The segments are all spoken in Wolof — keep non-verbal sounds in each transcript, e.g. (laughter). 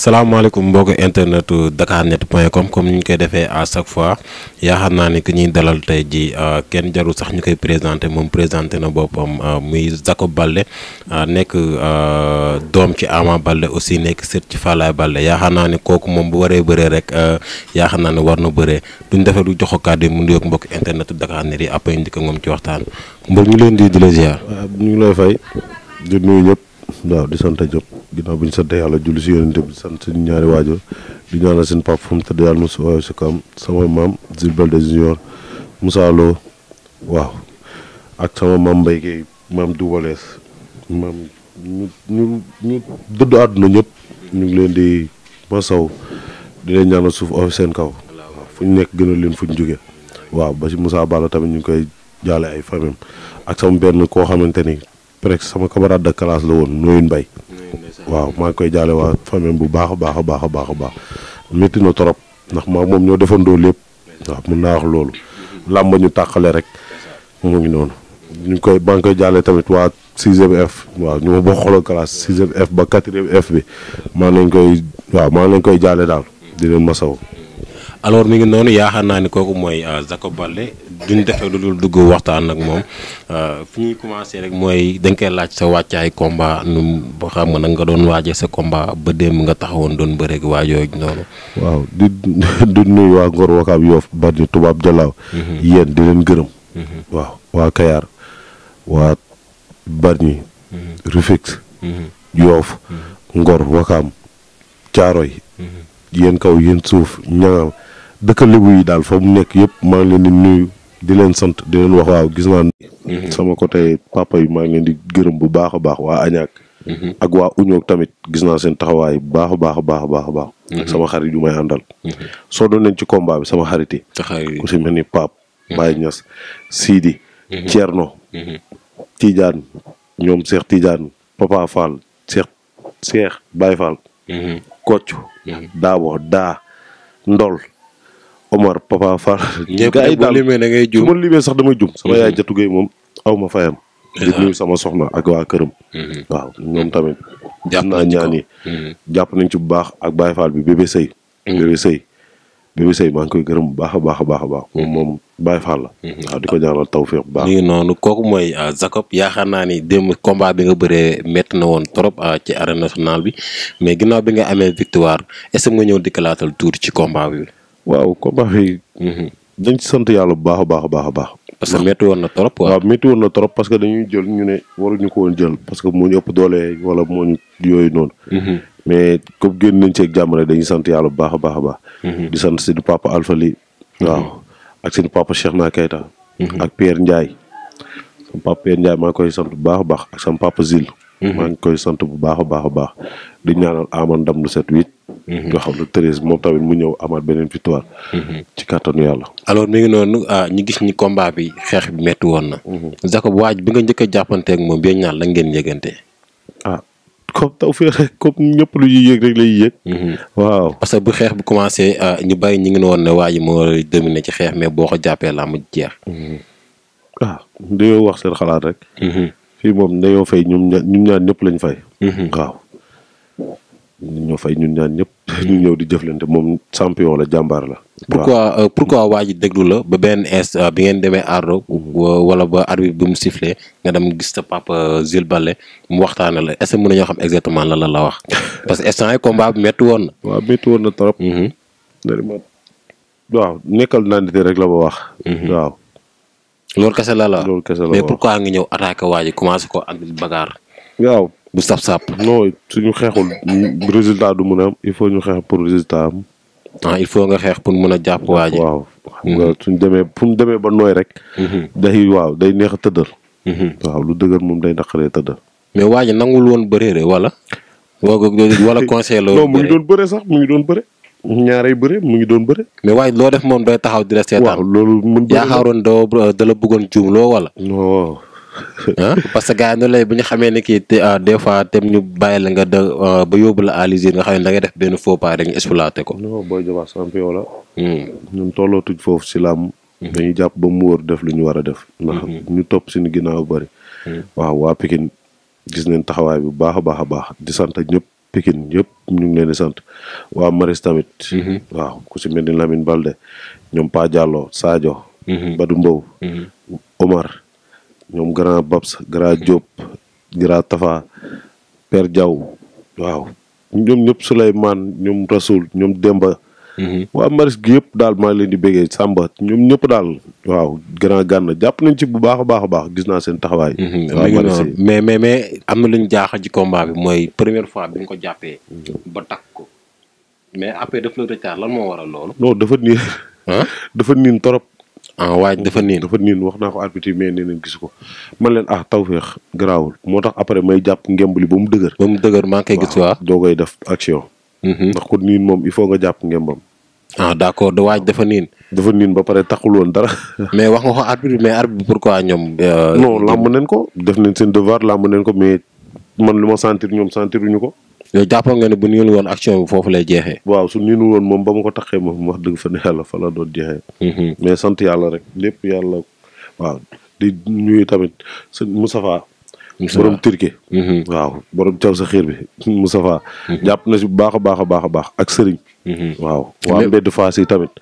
salaamaaleykum mbokk internet dakarnet point com comme ni ñu koy defee à chaque fois yaakaar naa ne ki ñuy dalal tey ji euh, kenn jarul sax ñu koy présenté moom présenté na boppam euh, muy Jacob balle euh, nekk doom ci Ama Baldé aussi nekk seet ci Falaye Baldé yaakaar naa ne kooku moom bu waree bëree rek yaakaar naa ne war na bëree duñ defee lu jox ko kàddu yi mu nuyoog mbokk internet dakarnet yi après indi ko moom ci waxtaan mbër ñu leen di di la ziar. waaw ñu ngi lay fay di waaw di sant ñëpp ginnaaw bi ñu sant yàlla julli si yonent bi sant suñu ñaari waajur di ñaanal seen papa fu mu tëdd yàlla mosu waaye maam Jules Balde junior Moussa Lo sama maam Mbaye Guèye maam Double Less maam ñu ñu ñëpp ñu ngi leen di masaw di leen ñaanal suuf oyof seen kaw waaw fu ñu nekk gënal fuñ fu ñu jóge waaw ba si Moussa Balla tamit ñu ngi koy jaale ay famille ak sama benn koo xamante ni presque sama camarade de classe la woon nooyun mbay waaw maa ngi koy jaale waa famille bu baax baax a baax a baax a baax métti na trop ndax maa moom ñoo defandoo lépp waaw mun naa wax loolu làmba ñu tàqale rek mu ngi noonu ñu koy maa ngi koy jaale tamit waa sixième F waaw ñu ma bokkaloon classe sixième ba quatrième F bi maa lañ koy waaw maa lañ koy jaale daal di leen masaw alors mi ngi noonu yaakaar naa ni kooku mooy euh, Jacob Baldé duñ defee lu dul dugg waxtaan nag moom euh, fi ñuy commencé rek mooy dañ koy laaj sa wàccaay combat nu ba xam nga nag nga doon waajee sa combat ba démb nga taxawoon doon bëreeg waa yooyu noonu. waaw di di nuyu waa Ngor Wakaam Yoof Bargny Tubaab Jalaaw. Mhm. yéen di leen gërëm. Mhm. waaw waa Kayar waa Bargny. Mhm. Rufisque. Yoof Ngor Wakaam Caaroy. yéen kaw yéen suuf ñaŋal dëkk Lebu yi daal fa mu nekk yëpp maa leen di di leen sant di leen wax waaw gis naa mhm. sama côté papa yi maa ngi leen di gërëm bu baax a baax waa añaak mhm. ak waa uñoog tamit gis naa seen taxawaay bu baax a baax a baax a baax a baax mhm. sama xarit yu may àndal soo doon leen ci combat bi sama xarit yi ku si mel ni Pape Baye Niass Sidi Thierno Tidiane ñoom Cheikh tiijaan Papa Fall Cheikh Cheikh Baye Fall Daabo Daa Ndol Omar Papa Fall. ñëpp gaa yi daal limee da ngay juum su sax dama juum. sama mhm. yaay Jatu Gey moom aw ma fayam. Mhm. di sama soxna ak waa këram. Mhm. waaw moom tamit. jàpp naa ñaan yi jàpp nañ ci bu baax ak Baye Fall bi bébé sëy bébé sëy bébé sëy maa bu baax a baax a baax a baax moom moom Baye Fall la. waaw di ko ñaanal taw bu baax. nii noonu kooku mooy ah, Jacob yaakaar naa ni démb combat bi nga bëree métti na woon trop a ah, ci arène national bi mais ginnaaw bi nga amee victoire est ce que nga ñëw dikkalaatal tuuti ci combat bi. waaw combat bi. Mm-hmm. dañ ci sant yàlla bu baax a baax a baax a baax. parce que métti woon na trop waaw waaw woon na trop parce que dañuy jël ñu ne waruñu ko woon jël parce que moo ñu ëpp doole wala moo ñu yooyu noonu. Mm-hmm. mais comme génn nañ ci ak jàmm dañuy sant yàlla bu baax a baax a baax. Mm-hmm. di sant seen papa Alpha Ly. waaw ak seen papa Cheikh Na Keita. ak Pierre Ndiaye. sama papa Pierre Ndiaye maa ngi koy sant bu baax a baax ak sam papa Zil. Mm-hmm. maa ngi koy sant bu baax a baax a baax di ñaanal ama ndam lu set huit. Mm-hmm. nga xam ne treize moom tamit mu ñëw amaat beneen victoire. Mm-hmm. ci kàttanu yàlla. alors mi ngi noonu ah, ñu gis ñi combat bi xeex bi metti woon na. Jacob waaj bi nga njëkk a jàppanteeg moom bien ñaar la ngeen yëgante. ah comme taw fee rek comme ñëpp lu ñuy yëg rek lay yëg. waaw parce que bu xeex bi commencé ah, ñu bàyyi ñu ngi woon ne waa ji moo dominé ci xeex mais boo ko jàppee làmb jeex. ah dañoo wax seen xalaat rek. fii moom dañoo fay ñun ña ñun ñaar ñëpp lañ fay. Mhm. waaw ñoo fay ñun ñaar ñëpp. (laughs) ñu ñëw di jëflante moom champion la jàmbaar la. pour euh, pourquoi waa ji déglu la ba benn est euh, bi ngeen demee ardo wala ba arbitre bi mu sifflé nga dem gis sa papa euh, Jules Baldé mu waxtaana la est-ce que mën nañoo xam exactement lan la la wax (laughs) parce que instant yi combat bi métti woon na. waaw métti woon na trop. Mhm. waaw nekkal nandite rek la ba wax. Mhm. loolu kese la la loolu kese la mais pourquoi nga ñëw attaqué waa ji ko andil bagaar. waaw bu sap sap. non suñu xeexul résultat du mun a am il faut ñu xeex pour résultat am. ah il faut nga xeex pour mun a jàpp waa ji. waaw xam nga mhm. suñ demee fu demee ba nooy rek. Mhm. day waaw day neex a tëddal. Mhm. waaw lu dëgër moom day naqaree tëddal. mais waa ji nangul woon bëree wala. wala conseil la woon bëree mu ngi doon bëree sax mu ngi doon bëree. ñaarey bëre mu ngi doon bëre. mais waaye loo def moom day taxaw di la seetaan. waaw loolu mun bëri yaakaaroon doo bëggoon juumloo wala. non. ah (laughs) parce que gars yi noonu lay bu ñu xamee ne kii ah, des fois tem ñu bàyyi la nga da ah, ba yóbbu la nga xam ne da ngay def benn faux pas rek ñu exploité ko. non Boy Diobass champion la. Hmm. ñun tollootuñ foofu si làmb. Hmm. dañuy jàpp ba mu wóor def lu ñu war a def. ndax hmm. ñu topp suñu ginnaaw bëri. waaw waa Pikine gis neen taxawaay bu baax a baax a baax di sant ñëpp. Pikine yëpp ñu ngi leen di sant waa Maris tamit. Mhm. waaw ku si mel ni Lamine Balde ñoom Pa Diallo Sadio. Mhm. Mbow. Mhm. Omar ñoom grand Babs grand Diop grand Tafa Père Diaw waaw ñoom ñëpp Souleymane ñoom Rasoul ñoom Demba. Mhm. waa maris gi yëpp daal maa leen di béggee Samba ñoom ñëpp daal. waaw grand gànn jàpp nañ ci bu baax a baax a baax gis naa seen taxawaay. Mhm. waaw mais mais mais am na lu ñu jaaxal ci combat bi mooy première fois bi nga ko jàppee. Mhm. ba takk ko mais après daf la retard lan moo waral loolu. non dafa niin (laughs) dafa niin trop. ah waaye dafa niin dafa niin wax naa ko arbitre mais nee nañ gis ko man leen ah tawféex garaawul moo tax après may jàpp ngemb li ba mu dëgër. ba mu dëgër maa ngi koy gis waaw doo koy def action. ndax kon niin moom il faut nga jàpp ngembam. ah d' accord du waaj dafa niin. dafa niin ba pare taxul woon dara. (laughs) mais wax nga ko arbitre bi mais arbitre bi pourquoi ñoom. Euh, non làmb neen ko def nañ seen devoir làmb neen ko mais man lu ma sentir ñoom ñu ko. yow jàppoon nga ne bu niinu woon action bi foofu lay jeexee. waaw su niinu woon moom ba ma ko taxee moom wax dëgg fa ne yàlla fa la doon jeexee. Mhm. mais sant yàlla rek lépp yàlla waaw di ñuy tamit sëñ Moustapha borom turki mm-hmm. waaw borom caw sa xiir bi Moustapha mm-hmm. jàpp na si bu baax a baax a baax a baax ak sëriñ mm-hmm. waaw waa mbedd Fass yi tamit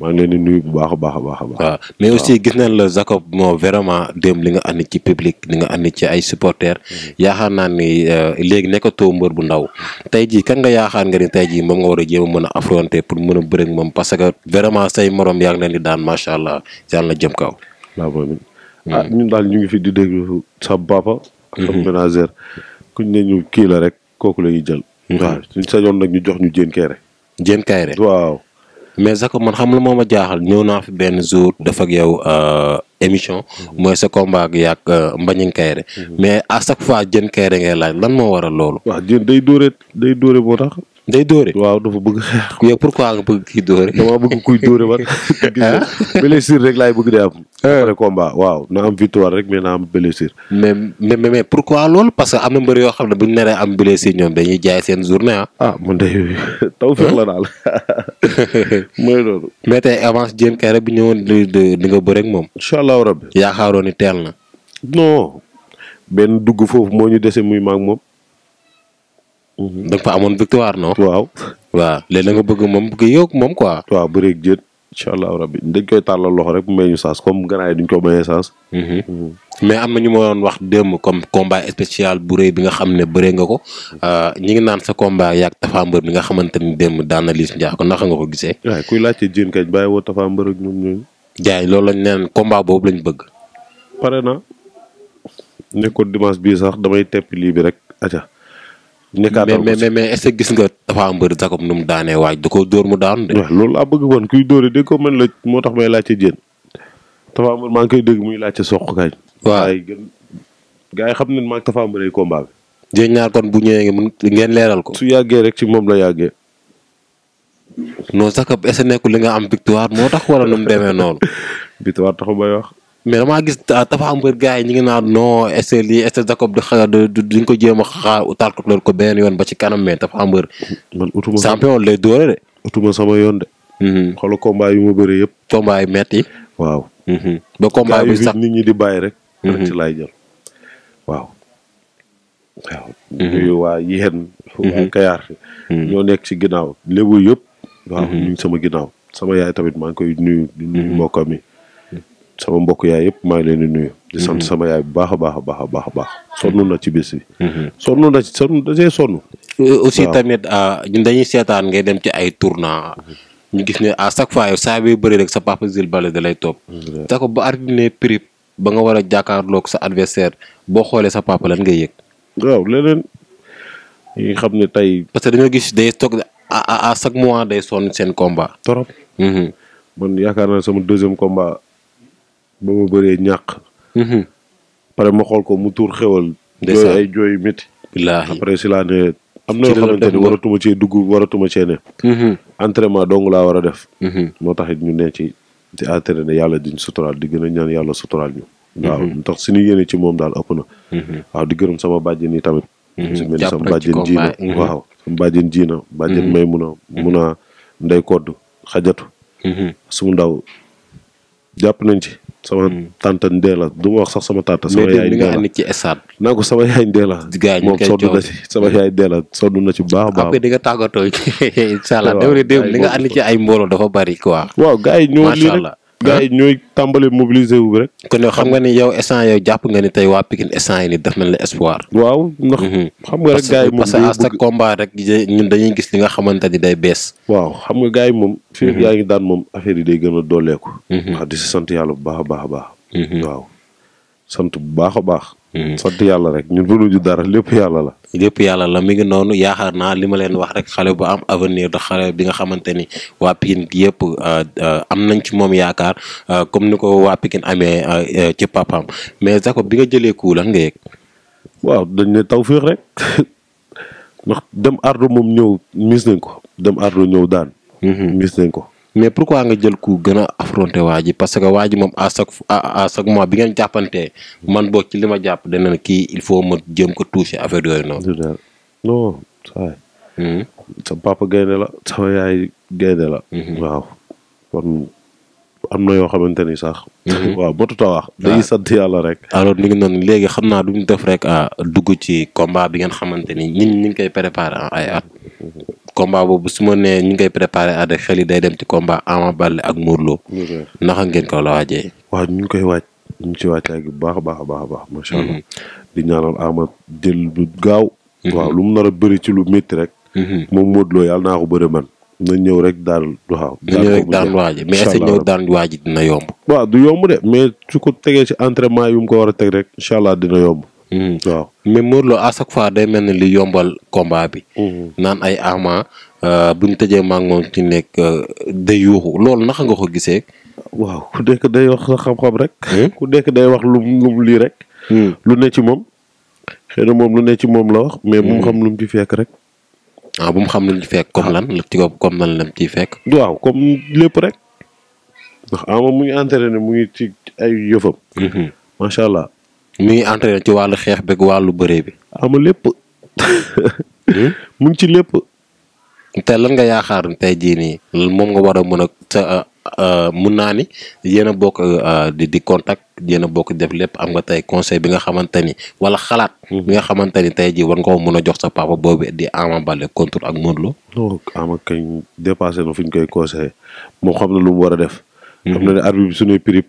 maa ngi leen di nuyu bu baax a baax a baax a baax waaw mais aussi gis nañ la Jacob moo vraiment démb li nga andi ci public li nga andi ci ay supporters yaakaar naa ni euh, léegi nekkatoo mbër bu ndaw tey jii kan nga yaakaar nga ni tey jii moom nga war a jéem a mën a affronter pour mën a bëre moom parce que vraiment say morom yaa ngi leen di daan macha allah yàlla na jëm kaw ah ñun am mhm. ménagère ñu kii la rek kooku la ñuy jël. Mhm. waaw nag ñu jox ñu Diène Kairé. Diène Kairé waaw. mais Zako man xam la moo ma jaaxal ñëw naa fi benn jour def ak yow euh, émission. Mhm. mooy sa combat ak yaag euh, Mbañin Kairé. mais à chaque fois Diène Kairé ngay laaj lan moo waral loolu. waaw day dóore day dóore boo tax. day dóore. waaw dafa bëgg xeex. (laughs) yow pourquoi nga bëgg (laughs) kuy dóore man. (laughs) Ah. blessure rek laay bëgg di ah. waaw na am victoire rek mais na am blessure. mais mais pourquoi loolu parce que am na mbër yoo xam ne bu ñu naree am blessure ñoom dañuy jaay seen journée ah. ah mu de taw feex daal mooy loolu. mais tey avance Diène Kairé bi ñëwoon di di nga bëre ak moom. incha allahu rabbi. yaakaaroon ni teel na. non benn dugg foofu moo ñu dese muy maag moom. Mhm. da nga fa amoon victoire non. waaw waaw léegi da bëgg moom bëgg yow moom quoi. waaw bëreeg jët incha allahu rabbi dañ koy tàllal loxo comme gannaaw yi duñ ko mayee mhm. Mhm. mais am na ñu ma wax démb comme combat spécial bu rëy bi nga xam ne bëree nga ko euh, ñi ngi naan sa combat yaag Tapha bi nga xamante ni démb daan na Liss Ndiago naka nga ko gisee. waaw kuy laajte jéen kañ loolu lañ neen combat boobu lañu bëgg. pare na nekkoon dimanche bii sax damay tepp lii bi rek aca nekkaatal mais mais mais gis nga dafa am mbër Jacob nu mu daanee waaj da koo dóor mu daan. waaw loolu laa bëgg woon kuy dóoree dégg ko man la moo tax may laajte jën dafa am maa ngi koy dégg muy laajte soq kañ. waaw gaa yi xam nañ maa ngi dafa am ay combat bi. jën ñaar kon bu ñëwee ngeen leeral ko. su yàggee rek ci moom la yàggee. non Jacob est-ce li nga am victoire moo tax wala nu mu demee noonu. (laughs) victoire taxu may wax. mais damaa gis dafa am mbër gars yi ñu ngi naan non est-ce lii est Jacob di duñ ko jéem xaar utaal ko loolu yoon ba ci kanam mais dafa am mbër. man utuma champion lay sama yoon de. Mm-hmm. xoolal combat yu ma bëri yëpp. combat yu metti waaw. Mm-hmm. ba combat bi sax nit ñi di bàyyi rek. Mm-hmm. rek ci laay jël waaw. waaw. nuyu waa yéen. waa ñoo nekk ci ginnaaw lébu yëpp. waaw ñu sama ginnaaw sama yaay tamit maa ngi koy nuyu. di nuyu sama mbokk yaay yëpp maa ngi leen di nuyu. di sant mhm. sama yaay bu baax a baax a baax a baax a baax mhm. sonn na ci bés mhm. na ci sonn dafay euh, euh, dañuy seetaan ngay dem ci ay tournant ñu gis ne à chaque fois yow saa bëri rek sa papa Zil Balla da lay topp. sa ko ba arbitre ne prip ba nga war a look sa adversaire boo xoolee sa papa lan ngay yëg. waaw leneen yi xam ne tey. parce que dañoo gis day toog à à chaque mois day sonn seen combat. trop. man yaakaar naa sama deuxième combat. ba ma bëree ñàq. Mhm. pare ma xool ko mu tuur xewal. jooy ay jooy métti. billaahi après si laa ne. am na yoo xamante ni waratuma cee dugg waratuma cee ne. Mhm. entraînement dong laa war a def. Mhm. moo tax it ñu ne ci di entraîné yàlla diñ suturaal di gën a ñaan yàlla suturaal ñu. waaw mu ci moom daal ëpp na. waaw di gërëm sama bàjjen yi tamit. su mel sama bàjjen jiina waaw sama bàjjen jiina. bàjjen may mun a mun a kodd xajatu. sumu ndaw jàpp nañ ci. sama hmm. tante Ndéla la du sama tante. sama yaay Ndéla mais (laughs) ci ci bu baax a baax. après di nga tàggatoo (laughs) incha allah. waaw li ay mbooloo dafa bari quoi. waaw gars ñoo lii rek gars yi ñooy tàmbale mobiliser wu rek. kon nag xam nga ni yow instant yow jàpp nga ni tey waa Pikine instant yi ni def nañ la espoir. waaw ndax mhm. xam nga rek. gars yi moom parce que rek ñun dañuy gis li nga xamante ni day bees. waaw xam nga gars yi moom. fii mhm. yaa ngi daan moom affaire yi day gën a dooleeku. Mhm. wax di si sant yàlla bu baax a baax a baax. waaw sant bu baax a baax. sant yàlla rek ñun bu dara lépp yàlla la. lépp yàlla la mi ngi noonu yaakaar naa li ma leen wax rek xale bu am avenir da xale bi nga xamante ni waa Pikine gi yëpp euh, euh, am nañ ci moom yaakaar euh, comme ni ko waa Pikine amee ci papam mais Jacob bi nga jëlee ku lan nga yëg. waaw dañ ne taw tawféex rek (laughs) ndax dem ardo moom ñëw mis nañ ko dem ardo ñëw daan. mis mhm. nañ ko. mais pour pourquoi nga jël ku gën a affronter waa ji parce que waa moom à chaque à chaque bi ngeen jàppantee man boo ci li ma jàpp dana ne kii il faut ma jëm ko toucher affaire yooyu noonu. non hmm? papa gaynde la sama yaay gaynde la. Hmm. waaw am na yoo xamante ni sax. Hmm. (laughs) waaw botut a wax. Ah. dañuy sant yàlla rek. alors mi noonu léegi xam naa du def rek ah, dugg ci combat bi ngeen xamante ni ñun ñu ngi koy préparer ay at. combat boobu su ma nee ñu ngay préparé ànd xel yi day dem ci combat Ama Baldé ak Modou Lô. ngeen ko la waajee. waaw ñu ngi koy waaj ñu ngi ci bu baax a baax a baax a baax. macha allah mhm. di ñaanal Ama jël bu gaaw. Mhm. waaw lu mu nar bëri ci lu métti rek. Mhm. moom Modou Lô yàlla naa ko bëri man. na ñëw rek daal waaw. na ñëw rek daan waaji mais est-ce que ñëw daan waaji dina yomb. waaw du yomb de mais su ko tegee ci entraînement yi mu ko war a teg rek incha allah dina yomb. Hmm. waaw mais Modou Lo à chaque fois day mel ni li yombal combat bi. Hmm. naan ay Ama euh, bu ñu tëjee maa ci nekk euh, day yuuxu loolu naka nga ko gisee. waaw ku nekk day wax xam rek. Hmm? ku nekk day wax lu lii rek. lu ne ci moom. xëy moom lu ne ci moom la wax. mais bu mu xam lu mu ci fekk rek. ah bu mu xam lu mu ci fekk comme ah. lan la ci comme lan la mu ciy fekk. waaw comme lépp rek. ndax Ama mu ngi entraîné mu ngi ci ay yëfam. macha allah. mi ngi entraîné ci wàllu xeex beeg wàllu bëree bi. ama lépp. Hmm? (laughs) mu ci lépp. te lan nga yaakaar tey jii nii moom nga war a mën a sa ah, ah, mun naa ni yenn a bokk ah, di di contact yéen a bokk def lépp am nga tey conseil bi nga xamante ni wala xalaat. Hmm. bi nga xamante ni tey jii war nga ko mën a jox sa papa boobu di Ama Baldé contre ak Modou Lo. non Ama kañ dépassé na lu mu war a def. Hmm. xam na ne arbitre bi suñuy prix.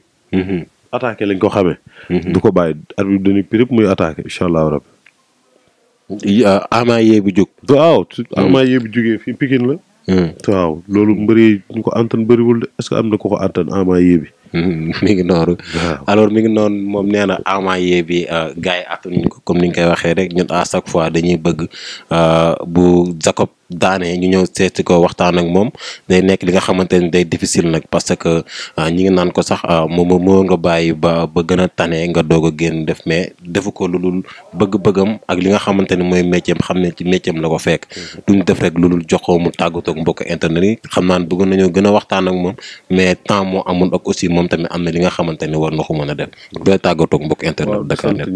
attaqué lañ ko xamee. Mhm. du ko bàyyi arbitre dañuy pirip muy attaqué incha allahu rabbi. Ah, ama yee bu jóg. waaw mhm. ama yee bu jógee mhm. loolu mbëri ñu ko antan bëriwul de est que am na ko ko antan ama yee bi. (laughs) mi ngi noonu. alors mi ngi noonu moom nee na ama yee bi ah, gars yi àttanuñ ko comme ni nga koy waxee rek ñun à chaque fois dañuy bëgg ah, bu Jacob daanee ñu ñëw seeti ko waxtaan ak moom day nekk li nga xamante ni day difficile nag parce que euh, ñi ngi naan ko sax euh, moom moo nga bàyyi ba ba gën a tane nga doog a génn def mais defu ko lu dul bëgg-bëggam ak li nga xamante ni mooy métier xam ne ci métier la ko fekk. Mm-hmm. duñ def rek lu dul jox ko mu tàggatoo mbokk internet yi xam naa ne bëgg nañoo gën a waxtaan ak moom mais temps moo amul ak aussi moom tamit am na li nga xamante ni war na ko mën a def. Mm-hmm. doy tàggatoo mbokk internet. Dakar Net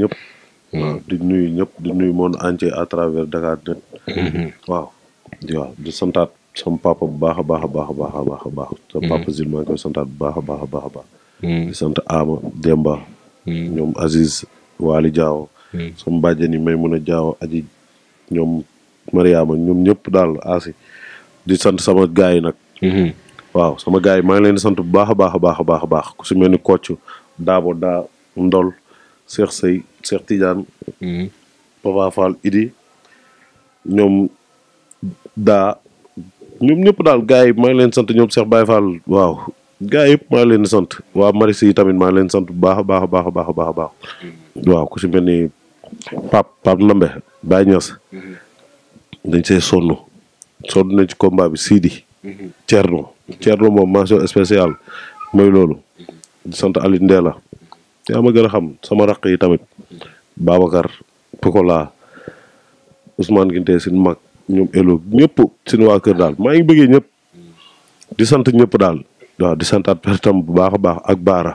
waaw di mm. ñëpp di nuyu monde à travers Dakar Net. Mm-hmm. waaw. waaw di santaat sama papa baax a baax a baax a baax a baax a baax sama papa Zil maa ngi koy santaat bu baax a baax a baax a baax di sant Ama Demba ñoom Aziz Waly Diaw sama bàjjen yi may mun a jaaw aji ñoom Mariama ñoom ñëpp daal asi di sant sama gars yi nag waaw sama gars yi maa ngi leen sant bu baax a baax a baax a baax a baax ku su mel ni Kocc Daabo daa Ndol Cheikh Sey Cheikh Tidiane Papa Fall Idi ñoom daa ñoom ñëpp daal gars yi maa ngi leen sant ñoom Cheikh Baye Fall waaw gars yi yëpp maa ngi leen sant waa Maristes yi tamit maa ngi leen sant bu baax a baax baax a baax a baax baax waaw ku si mel ni Pape Pape Ndambe Baye Niass dañ see sonn sonn nañ ci combat bi Sidi Thierno Thierno moom mention spéciale mooy loolu sant Aliou Ndéla te ma gën a xam sama raq yi tamit Babacar Pokola Ousmane Guinté nu mag ñoom elo ñëpp suñu waa kër daal maa ngi bëggee ñëpp di sant ñëpp daal waaw di santaat pertam bu baax a baax ak Baara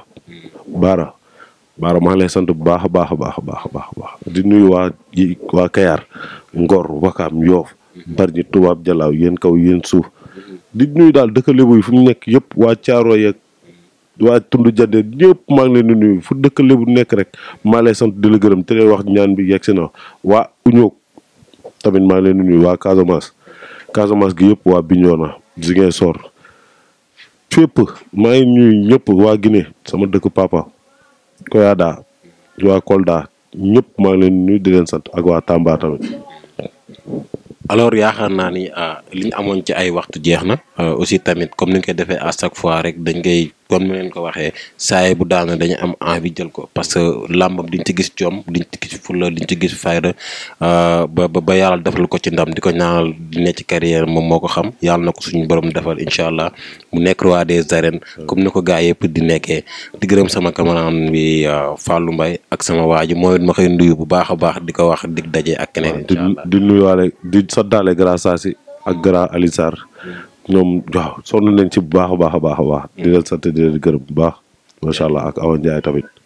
Baara Baara maa ngi lay sant bu baax a baax a baax a baax a baax di nuyu waa yi waa Kayar Ngor Wakaam Yoof Bargny Tubaab Jalaaw yéen kaw yéen suuf di nuyu daal dëkk Lebu fu mu nekk yëpp waa Caaro yeeg waa tund jande maa ngi leen di nuyu fu dëkk Lebu nekk rek maa lay sant di la gërëm te wax ñaan bi yegg si na waa uñoog tamit maa ngi leen di waa Casamance Casamance gi yëpp waa Bignona Ziguinchor fépp maa ngi nuyu ñëpp waa Guinée sama dëkk papa Koyada waa Kolda ñëpp maa ngi leen di nuyu leen sant ak waa Tamba tamit. alors yaakaar naa ni ah, li ñu amoon ci ay waxtu jeex na ah, aussi tamit comme ni ñu koy defee à chaque fois rek dañ koy kon mu leen ko waxee saa bu daana dañu am envie jël ko parce que làmbam diñ ci gis jom diñ ci gis fulla diñ ci gis fayda euh, ba ba yàlla defal ko ci ndam di ko ñaanal di ne ci carrière moom moo ko xam yàlla na ko suñu borom defal incha allah mu nekk roi des comme ni ko gars yëpp di nekkee di gërëm sama camarade bi euh, Fallou Mbaye ak sama waa ji mooy ma koy nuyu bu baax a baax di ko wax dig daje ak keneen. di nuyuwaale di soddaale grâce à si ak grand Alioune ñoom waaw sonn nañ ci bu baax a baax a baax a baax mm. di leen sant di leen gërëm bu baax macha allah ak Awa Ndiaye tamit